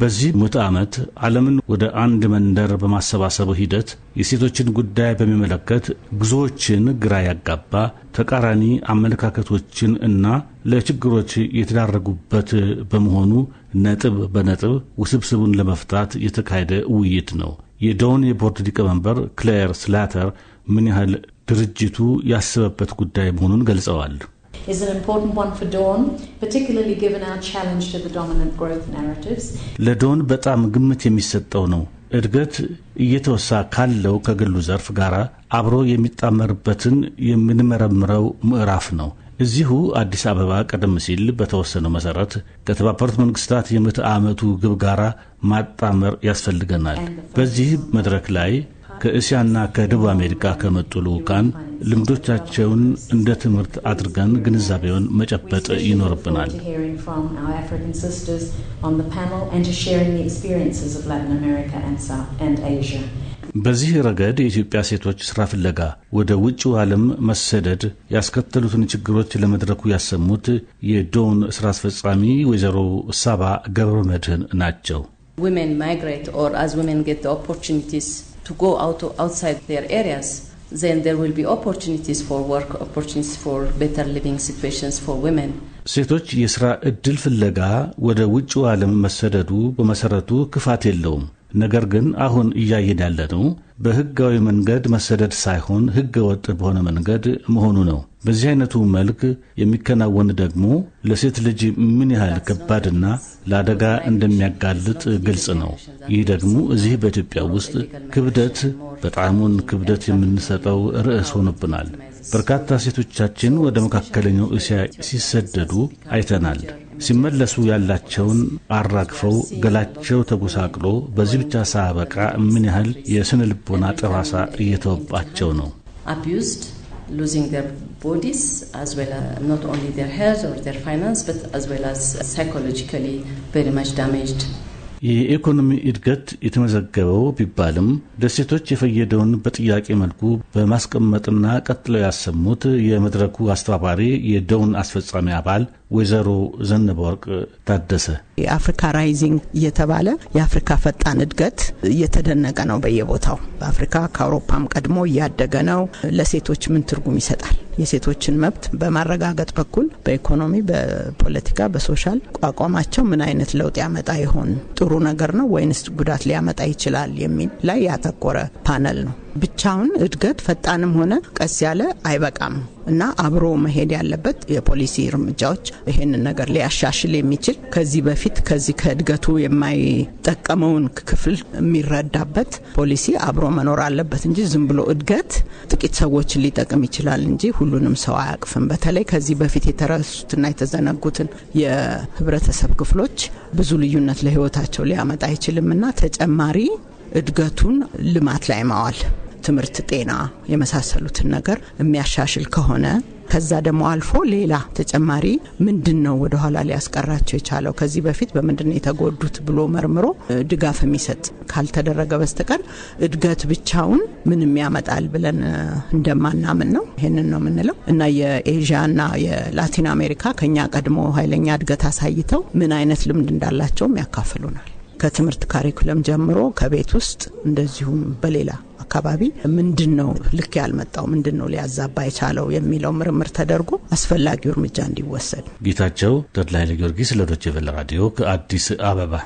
በዚህ ምዕተ ዓመት ዓለምን ወደ አንድ መንደር በማሰባሰቡ ሂደት የሴቶችን ጉዳይ በሚመለከት ብዙዎችን ግራ ያጋባ ተቃራኒ አመለካከቶችን እና ለችግሮች የተዳረጉበት በመሆኑ ነጥብ በነጥብ ውስብስቡን ለመፍታት የተካሄደ ውይይት ነው። የዶን የቦርድ ሊቀመንበር ክሌር ስላተር ምን ያህል ድርጅቱ ያሰበበት ጉዳይ መሆኑን ገልጸዋል። ለዶን በጣም ግምት የሚሰጠው ነው። እድገት እየተወሳ ካለው ከግሉ ዘርፍ ጋር አብሮ የሚጣመርበትን የምንመረምረው ምዕራፍ ነው። እዚሁ አዲስ አበባ ቀደም ሲል በተወሰነው መሰረት ከተባበሩት መንግስታት የምዕተ ዓመቱ ግብ ጋር ማጣመር ያስፈልገናል። በዚህ መድረክ ላይ ከእስያና ከደቡብ አሜሪካ ከመጡ ልዑካን ልምዶቻቸውን እንደ ትምህርት አድርገን ግንዛቤውን መጨበጥ ይኖርብናል። በዚህ ረገድ የኢትዮጵያ ሴቶች ስራ ፍለጋ ወደ ውጭው ዓለም መሰደድ ያስከተሉትን ችግሮች ለመድረኩ ያሰሙት የዶውን ስራ አስፈጻሚ ወይዘሮ ሳባ ገብረ መድህን ናቸው። to go out outside their areas, then there will be opportunities for work, opportunities for better living situations for women. ሴቶች የሥራ ዕድል ፍለጋ ወደ ውጭው ዓለም መሰደዱ በመሠረቱ ክፋት የለውም። ነገር ግን አሁን እያየን ያለነው በሕጋዊ መንገድ መሰደድ ሳይሆን ሕገ ወጥ በሆነ መንገድ መሆኑ ነው። በዚህ አይነቱ መልክ የሚከናወን ደግሞ ለሴት ልጅ ምን ያህል ከባድና ለአደጋ እንደሚያጋልጥ ግልጽ ነው። ይህ ደግሞ እዚህ በኢትዮጵያ ውስጥ ክብደት በጣሙን ክብደት የምንሰጠው ርዕስ ሆኖብናል። በርካታ ሴቶቻችን ወደ መካከለኛው እስያ ሲሰደዱ አይተናል። ሲመለሱ ያላቸውን አራግፈው ገላቸው ተጎሳቅሎ፣ በዚህ ብቻ ሳበቃ ምን ያህል የስነ ልቦና ጠባሳ እየተወባቸው ነው። losing their bodies as well as not only their health or their finance but as well as psychologically very much damaged የኢኮኖሚ እድገት የተመዘገበው ቢባልም ደሴቶች የፈየደውን በጥያቄ መልኩ በማስቀመጥና ቀጥለው ያሰሙት የመድረኩ አስተባባሪ የደውን አስፈጻሚ አባል ወይዘሮ ዘነበ ወርቅ ታደሰ የአፍሪካ ራይዚንግ እየተባለ የአፍሪካ ፈጣን እድገት እየተደነቀ ነው በየቦታው። አፍሪካ ከአውሮፓም ቀድሞ እያደገ ነው። ለሴቶች ምን ትርጉም ይሰጣል? የሴቶችን መብት በማረጋገጥ በኩል በኢኮኖሚ፣ በፖለቲካ፣ በሶሻል አቋማቸው ምን አይነት ለውጥ ያመጣ ይሆን? ጥሩ ነገር ነው ወይንስ ጉዳት ሊያመጣ ይችላል? የሚል ላይ ያተኮረ ፓነል ነው። ብቻውን እድገት ፈጣንም ሆነ ቀስ ያለ አይበቃም እና አብሮ መሄድ ያለበት የፖሊሲ እርምጃዎች ይህንን ነገር ሊያሻሽል የሚችል ከዚህ በፊት ከዚህ ከእድገቱ የማይጠቀመውን ክፍል የሚረዳበት ፖሊሲ አብሮ መኖር አለበት እንጂ ዝም ብሎ እድገት ጥቂት ሰዎችን ሊጠቅም ይችላል እንጂ ሁሉንም ሰው አያቅፍም። በተለይ ከዚህ በፊት የተረሱትና የተዘነጉትን የህብረተሰብ ክፍሎች ብዙ ልዩነት ለህይወታቸው ሊያመጣ አይችልም እና ተጨማሪ እድገቱን ልማት ላይ ማዋል ትምህርት፣ ጤና የመሳሰሉትን ነገር የሚያሻሽል ከሆነ ከዛ ደግሞ አልፎ ሌላ ተጨማሪ ምንድን ነው ወደኋላ ሊያስቀራቸው የቻለው ከዚህ በፊት በምንድን ነው የተጎዱት ብሎ መርምሮ ድጋፍ የሚሰጥ ካልተደረገ በስተቀር እድገት ብቻውን ምንም ያመጣል ብለን እንደማናምን ነው። ይህንን ነው የምንለው እና እና የላቲን አሜሪካ ከኛ ቀድሞ ኃይለኛ እድገት አሳይተው ምን አይነት ልምድ እንዳላቸውም ያካፍሉናል። ከትምህርት ካሪኩለም ጀምሮ ከቤት ውስጥ እንደዚሁም በሌላ አካባቢ ምንድን ነው ልክ ያልመጣው ምንድን ነው ሊያዛባ የቻለው የሚለው ምርምር ተደርጎ አስፈላጊው እርምጃ እንዲወሰድ። ጌታቸው ተድላይ ለጊዮርጊስ ለዶይቼ ቬለ ራዲዮ ከአዲስ አበባ